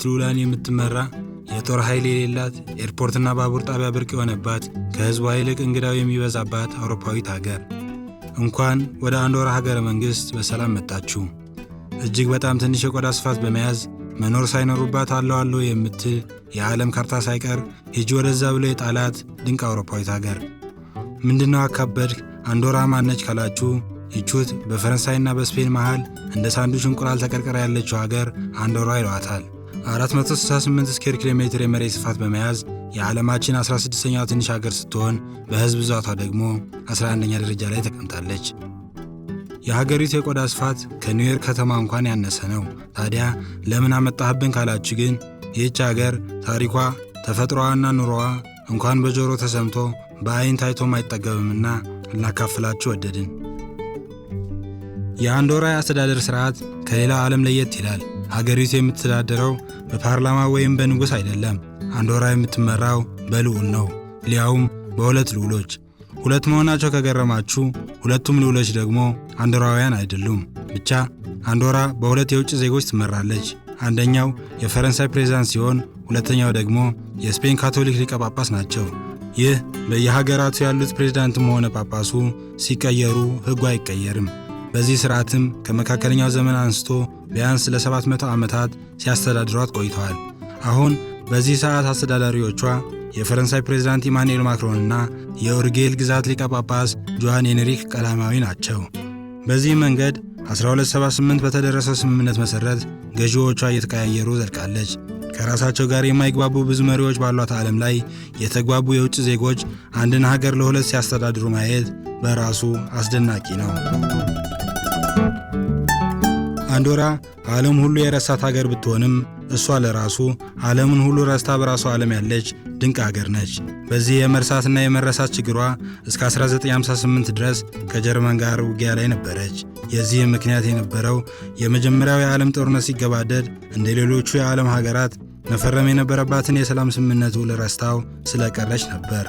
በትሉላን የምትመራ የጦር ኃይል የሌላት ኤርፖርትና ባቡር ጣቢያ ብርቅ የሆነባት ከህዝቧ ይልቅ እንግዳው የሚበዛባት አውሮፓዊት ሀገር እንኳን ወደ አንዶራ ሀገረ መንግሥት በሰላም መጣችሁ። እጅግ በጣም ትንሽ የቆዳ ስፋት በመያዝ መኖር ሳይኖሩባት አለው አለው የምትል የዓለም ካርታ ሳይቀር ሂጂ ወደዛ ብሎ የጣላት ድንቅ አውሮፓዊት ሀገር ምንድነው አካበድክ አንዶራ ማነች ካላችሁ ይቹት በፈረንሳይና በስፔን መሃል እንደ ሳንዱች እንቁላል ተቀርቅራ ያለችው ሀገር አንዶራ ይለዋታል። 468 ስኩዌር ኪሎ ሜትር የመሬት ስፋት በመያዝ የዓለማችን 16ኛ ትንሽ ሀገር ስትሆን በህዝብ ብዛቷ ደግሞ 11ኛ ደረጃ ላይ ተቀምጣለች። የሀገሪቱ የቆዳ ስፋት ከኒውዮርክ ከተማ እንኳን ያነሰ ነው። ታዲያ ለምን አመጣህብን ካላችሁ ግን ይህች ሀገር ታሪኳ፣ ተፈጥሮዋና ኑሮዋ እንኳን በጆሮ ተሰምቶ በአይን ታይቶም አይጠገብምና ልናካፍላችሁ ወደድን። የአንዶራ የአስተዳደር ሥርዓት ከሌላው ዓለም ለየት ይላል። ሀገሪቱ የምትተዳደረው በፓርላማ ወይም በንጉሥ አይደለም። አንዶራ የምትመራው በልዑል ነው፣ ሊያውም በሁለት ልዑሎች። ሁለት መሆናቸው ከገረማችሁ፣ ሁለቱም ልዑሎች ደግሞ አንዶራውያን አይደሉም። ብቻ አንዶራ በሁለት የውጭ ዜጎች ትመራለች። አንደኛው የፈረንሳይ ፕሬዝዳንት ሲሆን፣ ሁለተኛው ደግሞ የስፔን ካቶሊክ ሊቀ ጳጳስ ናቸው። ይህ በየሀገራቱ ያሉት ፕሬዝዳንትም ሆነ ጳጳሱ ሲቀየሩ ሕጉ አይቀየርም። በዚህ ሥርዓትም ከመካከለኛው ዘመን አንስቶ ቢያንስ ለ700 ዓመታት ሲያስተዳድሯት ቆይተዋል። አሁን በዚህ ሰዓት አስተዳዳሪዎቿ የፈረንሳይ ፕሬዝዳንት ኢማኑኤል ማክሮንና የኦርጌል ግዛት ሊቀ ጳጳስ ጆሐን ሄንሪክ ቀላማዊ ናቸው። በዚህ መንገድ 1278 በተደረሰው ስምምነት መሠረት ገዢዎቿ እየተቀያየሩ ዘልቃለች። ከራሳቸው ጋር የማይግባቡ ብዙ መሪዎች ባሏት ዓለም ላይ የተግባቡ የውጭ ዜጎች አንድን ሀገር ለሁለት ሲያስተዳድሩ ማየት በራሱ አስደናቂ ነው። ፓንዶራ ዓለም ሁሉ የረሳት ሀገር ብትሆንም እሷ ለራሱ ዓለምን ሁሉ ረስታ በራሱ ዓለም ያለች ድንቅ ሀገር ነች። በዚህ የመርሳትና የመረሳት ችግሯ እስከ 1958 ድረስ ከጀርመን ጋር ውጊያ ላይ ነበረች። የዚህ ምክንያት የነበረው የመጀመሪያው የዓለም ጦርነት ሲገባደድ እንደ ሌሎቹ የዓለም ሀገራት መፈረም የነበረባትን የሰላም ስምምነት ውል ረስታው ስለቀረች ነበር።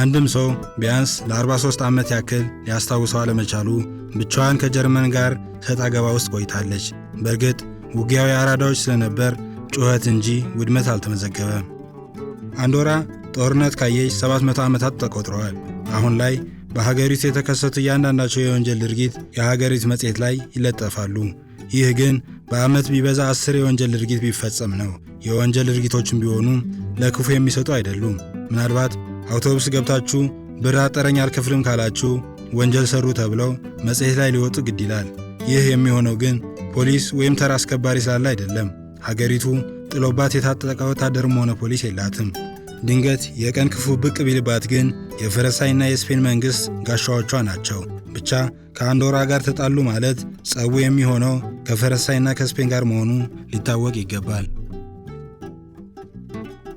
አንድም ሰው ቢያንስ ለ43 ዓመት ያክል ሊያስታውሰው አለመቻሉ ብቻዋን ከጀርመን ጋር ሰጥ አገባ ውስጥ ቆይታለች። በእርግጥ ውጊያዊ አራዳዎች ስለነበር ጩኸት እንጂ ውድመት አልተመዘገበም። አንዶራ ጦርነት ካየች 700 ዓመታት ተቆጥረዋል። አሁን ላይ በሀገሪቱ የተከሰቱ እያንዳንዳቸው የወንጀል ድርጊት የሀገሪቱ መጽሔት ላይ ይለጠፋሉ። ይህ ግን በዓመት ቢበዛ አስር የወንጀል ድርጊት ቢፈጸም ነው። የወንጀል ድርጊቶችም ቢሆኑ ለክፉ የሚሰጡ አይደሉም። ምናልባት አውቶቡስ ገብታችሁ ብር አጠረኝ አልከፍልም ካላችሁ ወንጀል ሰሩ ተብለው መጽሔት ላይ ሊወጡ ግድ ይላል። ይህ የሚሆነው ግን ፖሊስ ወይም ተራ አስከባሪ ስላለ አይደለም። ሀገሪቱ ጥሎባት የታጠቀ ወታደርም ሆነ ፖሊስ የላትም። ድንገት የቀን ክፉ ብቅ ቢልባት ግን የፈረንሳይና የስፔን መንግሥት ጋሻዎቿ ናቸው። ብቻ ከአንዶራ ጋር ተጣሉ ማለት ጸቡ የሚሆነው ከፈረንሳይና ከስፔን ጋር መሆኑ ሊታወቅ ይገባል።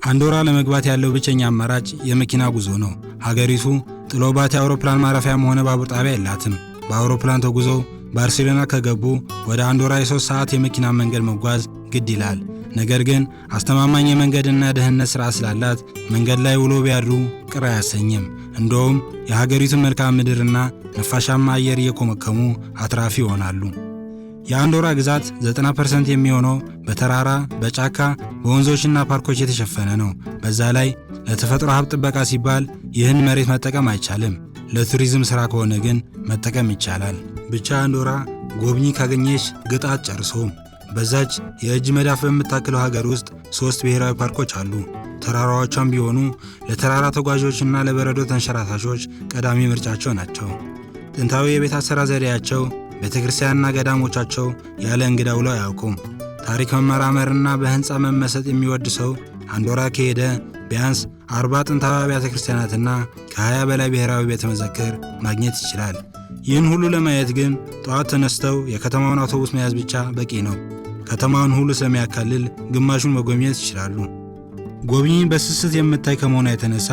አንዶራ ለመግባት ያለው ብቸኛ አማራጭ የመኪና ጉዞ ነው። ሀገሪቱ ጥሎባት የአውሮፕላን ማረፊያም ሆነ ባቡር ጣቢያ የላትም። በአውሮፕላን ተጉዞ ባርሴሎና ከገቡ ወደ አንዶራ የሶስት ሰዓት የመኪና መንገድ መጓዝ ግድ ይላል። ነገር ግን አስተማማኝ የመንገድና ደህንነት ሥራ ስላላት መንገድ ላይ ውሎ ቢያድሩ ቅር አያሰኝም። እንደውም የሀገሪቱን መልክዓ ምድርና ነፋሻማ አየር እየኮመከሙ አትራፊ ይሆናሉ። የአንዶራ ግዛት 90% የሚሆነው በተራራ በጫካ በወንዞችና ፓርኮች የተሸፈነ ነው። በዛ ላይ ለተፈጥሮ ሀብት ጥበቃ ሲባል ይህን መሬት መጠቀም አይቻልም። ለቱሪዝም ሥራ ከሆነ ግን መጠቀም ይቻላል። ብቻ አንዶራ ጎብኚ ካገኘች ግጣት ጨርሶ። በዛች የእጅ መዳፍ በምታክለው ሀገር ውስጥ ሦስት ብሔራዊ ፓርኮች አሉ። ተራራዎቿም ቢሆኑ ለተራራ ተጓዦችና ለበረዶ ተንሸራታቾች ቀዳሚ ምርጫቸው ናቸው። ጥንታዊ የቤት አሰራ ዘዴያቸው ቤተ ክርስቲያንና ገዳሞቻቸው ያለ እንግዳ ውለው አያውቁም። ታሪክ መመራመርና በሕንፃ መመሰጥ የሚወድ ሰው አንዶራ ከሄደ ቢያንስ አርባ ጥንታዊ አብያተ ክርስቲያናትና ከ በላይ ብሔራዊ ቤተ መዘክር ማግኘት ይችላል። ይህን ሁሉ ለማየት ግን ጠዋት ተነስተው የከተማውን አውቶቡስ መያዝ ብቻ በቂ ነው። ከተማውን ሁሉ ስለሚያካልል ግማሹን መጎብኘት ይችላሉ። ጎብኚን በስስት የምታይ ከመሆኗ የተነሳ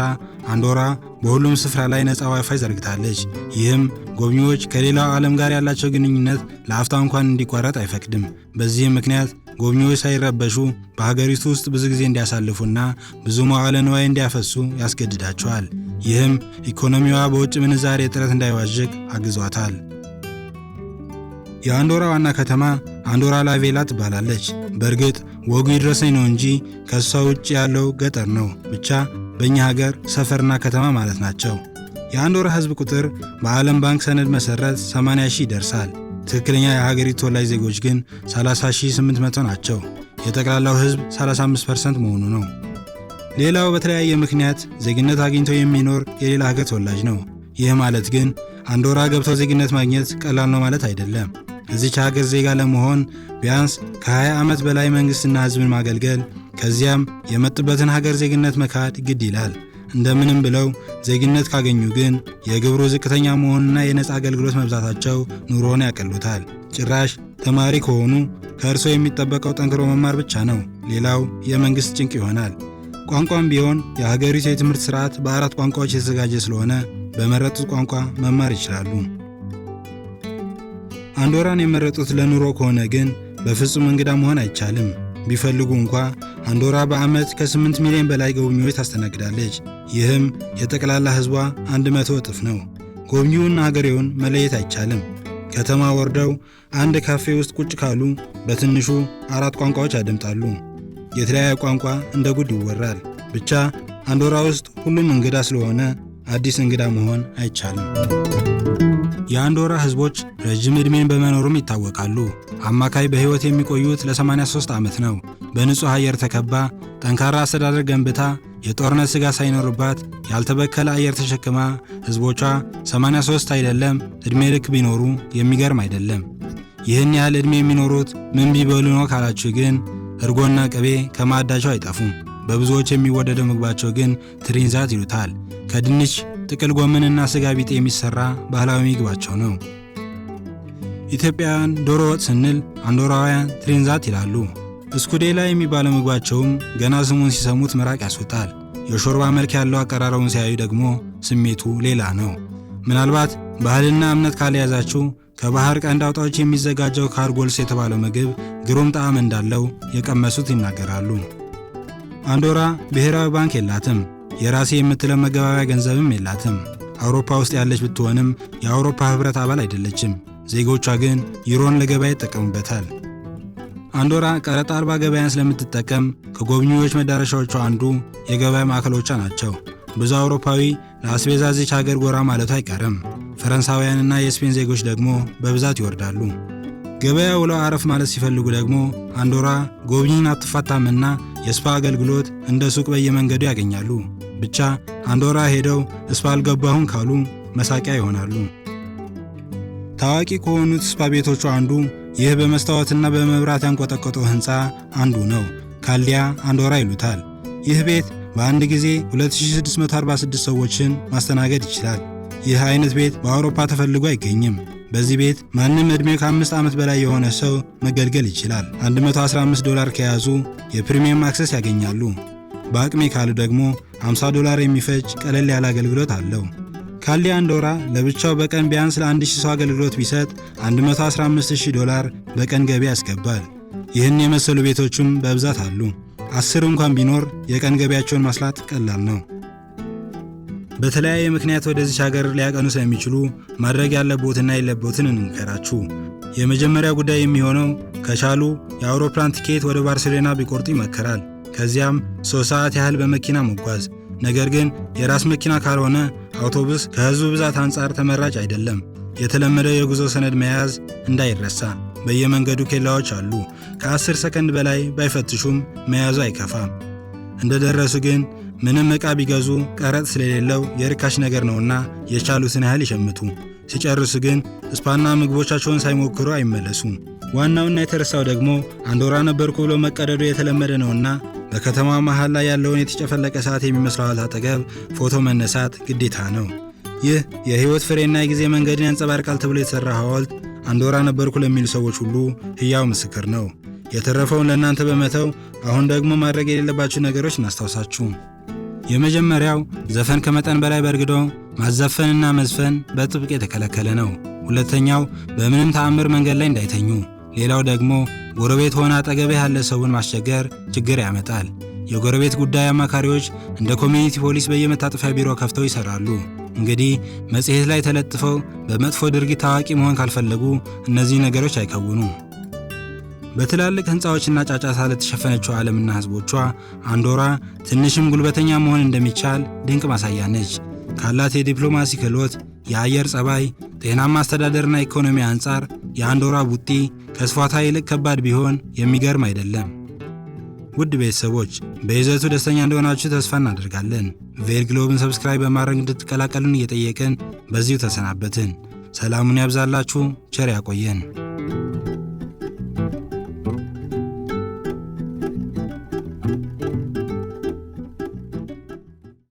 አንዶራ በሁሉም ስፍራ ላይ ነፃ ዋይፋይ ዘርግታለች። ይህም ጎብኚዎች ከሌላው ዓለም ጋር ያላቸው ግንኙነት ለአፍታ እንኳን እንዲቋረጥ አይፈቅድም። በዚህም ምክንያት ጎብኚዎች ሳይረበሹ በሀገሪቱ ውስጥ ብዙ ጊዜ እንዲያሳልፉና ብዙ መዋዕለ ንዋይ እንዲያፈሱ ያስገድዳቸዋል። ይህም ኢኮኖሚዋ በውጭ ምንዛሬ እጥረት እንዳይዋዥቅ አግዟታል። የአንዶራ ዋና ከተማ አንዶራ ላቬላ ትባላለች። በእርግጥ ወጉ ይድረሰኝ ነው እንጂ ከእሷ ውጭ ያለው ገጠር ነው። ብቻ በእኛ ሀገር ሰፈርና ከተማ ማለት ናቸው። የአንድ ህዝብ ቁጥር በዓለም ባንክ ሰነድ መሠረት 80 ሺህ ይደርሳል። ትክክለኛ የሀገሪቱ ተወላጅ ዜጎች ግን 30800 ናቸው። የጠቅላላው ህዝብ 35% መሆኑ ነው። ሌላው በተለያየ ምክንያት ዜግነት አግኝቶ የሚኖር የሌላ ሀገር ተወላጅ ነው። ይህ ማለት ግን አንድ ወራ ገብተው ዜግነት ማግኘት ቀላል ነው ማለት አይደለም። እዚች ሀገር ዜጋ ለመሆን ቢያንስ ከ20 ዓመት በላይ መንግሥትና ሕዝብን ማገልገል ከዚያም የመጡበትን ሀገር ዜግነት መካድ ግድ ይላል። እንደምንም ብለው ዜግነት ካገኙ ግን የግብሩ ዝቅተኛ መሆኑና የነፃ አገልግሎት መብዛታቸው ኑሮን ያቀሉታል። ጭራሽ ተማሪ ከሆኑ ከእርስዎ የሚጠበቀው ጠንክሮ መማር ብቻ ነው። ሌላው የመንግሥት ጭንቅ ይሆናል። ቋንቋም ቢሆን የሀገሪቱ የትምህርት ሥርዓት በአራት ቋንቋዎች የተዘጋጀ ስለሆነ በመረጡት ቋንቋ መማር ይችላሉ። አንዶራን የመረጡት ለኑሮ ከሆነ ግን በፍጹም እንግዳ መሆን አይቻልም። ቢፈልጉ እንኳ አንዶራ በዓመት ከ8 ሚሊዮን በላይ ጎብኚዎች ታስተናግዳለች። ይህም የጠቅላላ ሕዝቧ 100 እጥፍ ነው። ጎብኚውን አገሬውን መለየት አይቻልም። ከተማ ወርደው አንድ ካፌ ውስጥ ቁጭ ካሉ በትንሹ አራት ቋንቋዎች ያደምጣሉ። የተለያየ ቋንቋ እንደ ጉድ ይወራል። ብቻ አንዶራ ውስጥ ሁሉም እንግዳ ስለሆነ አዲስ እንግዳ መሆን አይቻልም። የአንዶራ ህዝቦች ረዥም ዕድሜን በመኖሩም ይታወቃሉ። አማካይ በሕይወት የሚቆዩት ለ83 ዓመት ነው። በንጹሕ አየር ተከባ ጠንካራ አስተዳደር ገንብታ የጦርነት ሥጋ ሳይኖርባት ያልተበከለ አየር ተሸክማ ህዝቦቿ 83 አይደለም ዕድሜ ልክ ቢኖሩ የሚገርም አይደለም። ይህን ያህል ዕድሜ የሚኖሩት ምን ቢበሉ ነው ካላችሁ ግን እርጎና ቅቤ ከማዕዳቸው አይጠፉም። በብዙዎች የሚወደደው ምግባቸው ግን ትሪንዛት ይሉታል። ከድንች ጥቅል ጎመንና ስጋ ቢጤ የሚሰራ ባህላዊ ምግባቸው ነው። ኢትዮጵያውያን ዶሮ ወጥ ስንል አንዶራውያን ትሬንዛት ይላሉ። እስኩዴላ የሚባለው ምግባቸውም ገና ስሙን ሲሰሙት ምራቅ ያስወጣል። የሾርባ መልክ ያለው አቀራረቡን ሲያዩ ደግሞ ስሜቱ ሌላ ነው። ምናልባት ባህልና እምነት ካልያዛችሁ ከባህር ቀንድ አውጣዎች የሚዘጋጀው ካርጎልስ የተባለው ምግብ ግሩም ጣዕም እንዳለው የቀመሱት ይናገራሉ። አንዶራ ብሔራዊ ባንክ የላትም። የራሴ የምትለው መገባቢያ ገንዘብም የላትም። አውሮፓ ውስጥ ያለች ብትሆንም የአውሮፓ ህብረት አባል አይደለችም። ዜጎቿ ግን ዩሮን ለገበያ ይጠቀሙበታል። አንዶራ ቀረጥ አልባ ገበያን ስለምትጠቀም ከጎብኚዎች መዳረሻዎቿ አንዱ የገበያ ማዕከሎቿ ናቸው። ብዙ አውሮፓዊ ለአስቤዛ ዚች ሀገር ጎራ ማለቱ አይቀርም። ፈረንሳውያንና የስፔን ዜጎች ደግሞ በብዛት ይወርዳሉ። ገበያ ውለው አረፍ ማለት ሲፈልጉ ደግሞ አንዶራ ጎብኚን አትፋታምና የስፓ አገልግሎት እንደ ሱቅ በየመንገዱ ያገኛሉ። ብቻ አንዶራ ሄደው እስፓ አልገባሁም ካሉ መሳቂያ ይሆናሉ። ታዋቂ ከሆኑት እስፋ ቤቶቹ አንዱ ይህ በመስታወትና በመብራት ያንቆጠቆጠው ሕንፃ አንዱ ነው። ካልዲያ አንዶራ ይሉታል። ይህ ቤት በአንድ ጊዜ 2646 ሰዎችን ማስተናገድ ይችላል። ይህ አይነት ቤት በአውሮፓ ተፈልጎ አይገኝም። በዚህ ቤት ማንም ዕድሜ ከአምስት ዓመት በላይ የሆነ ሰው መገልገል ይችላል። 115 ዶላር ከያዙ የፕሪሚየም አክሰስ ያገኛሉ። በአቅሜ ካሉ ደግሞ 50 ዶላር የሚፈጅ ቀለል ያለ አገልግሎት አለው። ካሊ አንዶራ ለብቻው በቀን ቢያንስ ለ1000 ሰው አገልግሎት ቢሰጥ 115000 ዶላር በቀን ገቢ ያስገባል። ይህን የመሰሉ ቤቶችም በብዛት አሉ። አስር እንኳን ቢኖር የቀን ገቢያቸውን ማስላት ቀላል ነው። በተለያየ ምክንያት ወደዚች ሀገር ሊያቀኑ ስለሚችሉ ማድረግ ያለቦትና የለቦትን እንንገራችሁ። የመጀመሪያ ጉዳይ የሚሆነው ከቻሉ የአውሮፕላን ቲኬት ወደ ባርሴሎና ቢቆርጡ ይመከራል። ከዚያም ሶስት ሰዓት ያህል በመኪና መጓዝ። ነገር ግን የራስ መኪና ካልሆነ አውቶቡስ ከህዝቡ ብዛት አንጻር ተመራጭ አይደለም። የተለመደው የጉዞ ሰነድ መያዝ እንዳይረሳ። በየመንገዱ ኬላዎች አሉ። ከአስር ሰከንድ በላይ ባይፈትሹም መያዙ አይከፋም። እንደደረሱ ግን ምንም ዕቃ ቢገዙ ቀረጥ ስለሌለው የርካሽ ነገር ነውና የቻሉትን ያህል ይሸምቱ። ሲጨርሱ ግን ስፓና ምግቦቻቸውን ሳይሞክሩ አይመለሱ። ዋናውና የተረሳው ደግሞ አንዶራ ነበርኩ ብሎ መቀደዱ የተለመደ ነውና በከተማ መሃል ላይ ያለውን የተጨፈለቀ ሰዓት የሚመስለው ሐውልት አጠገብ ፎቶ መነሳት ግዴታ ነው። ይህ የሕይወት ፍሬና የጊዜ መንገድን ያንጸባርቃል ተብሎ የተሠራ ሐውልት አንድ ወራ ነበርኩ ለሚሉ ሰዎች ሁሉ ሕያው ምስክር ነው። የተረፈውን ለእናንተ በመተው አሁን ደግሞ ማድረግ የሌለባችሁ ነገሮች እናስታውሳችሁ። የመጀመሪያው ዘፈን ከመጠን በላይ በርግዶ ማዘፈንና መዝፈን በጥብቅ የተከለከለ ነው። ሁለተኛው በምንም ተአምር መንገድ ላይ እንዳይተኙ። ሌላው ደግሞ ጎረቤት ሆነ አጠገብህ ያለ ሰውን ማስቸገር ችግር ያመጣል። የጎረቤት ጉዳይ አማካሪዎች እንደ ኮሚኒቲ ፖሊስ በየመታጠፊያ ቢሮ ከፍተው ይሰራሉ። እንግዲህ መጽሔት ላይ ተለጥፈው በመጥፎ ድርጊት ታዋቂ መሆን ካልፈለጉ እነዚህ ነገሮች አይከውኑም። በትላልቅ ሕንፃዎችና ጫጫታ ለተሸፈነችው ዓለምና ሕዝቦቿ አንዶራ ትንሽም ጉልበተኛ መሆን እንደሚቻል ድንቅ ማሳያ ነች። ካላት የዲፕሎማሲ ክህሎት፣ የአየር ጸባይ፣ ጤናማ አስተዳደርና ኢኮኖሚ አንጻር የአንዶራ ቡጢ ከስፋታ ይልቅ ከባድ ቢሆን የሚገርም አይደለም። ውድ ቤተሰቦች በይዘቱ ደስተኛ እንደሆናችሁ ተስፋ እናደርጋለን። ቬል ግሎብን ሰብስክራይብ በማድረግ እንድትቀላቀሉን እየጠየቅን በዚሁ ተሰናበትን። ሰላሙን ያብዛላችሁ። ቸር ያቆየን።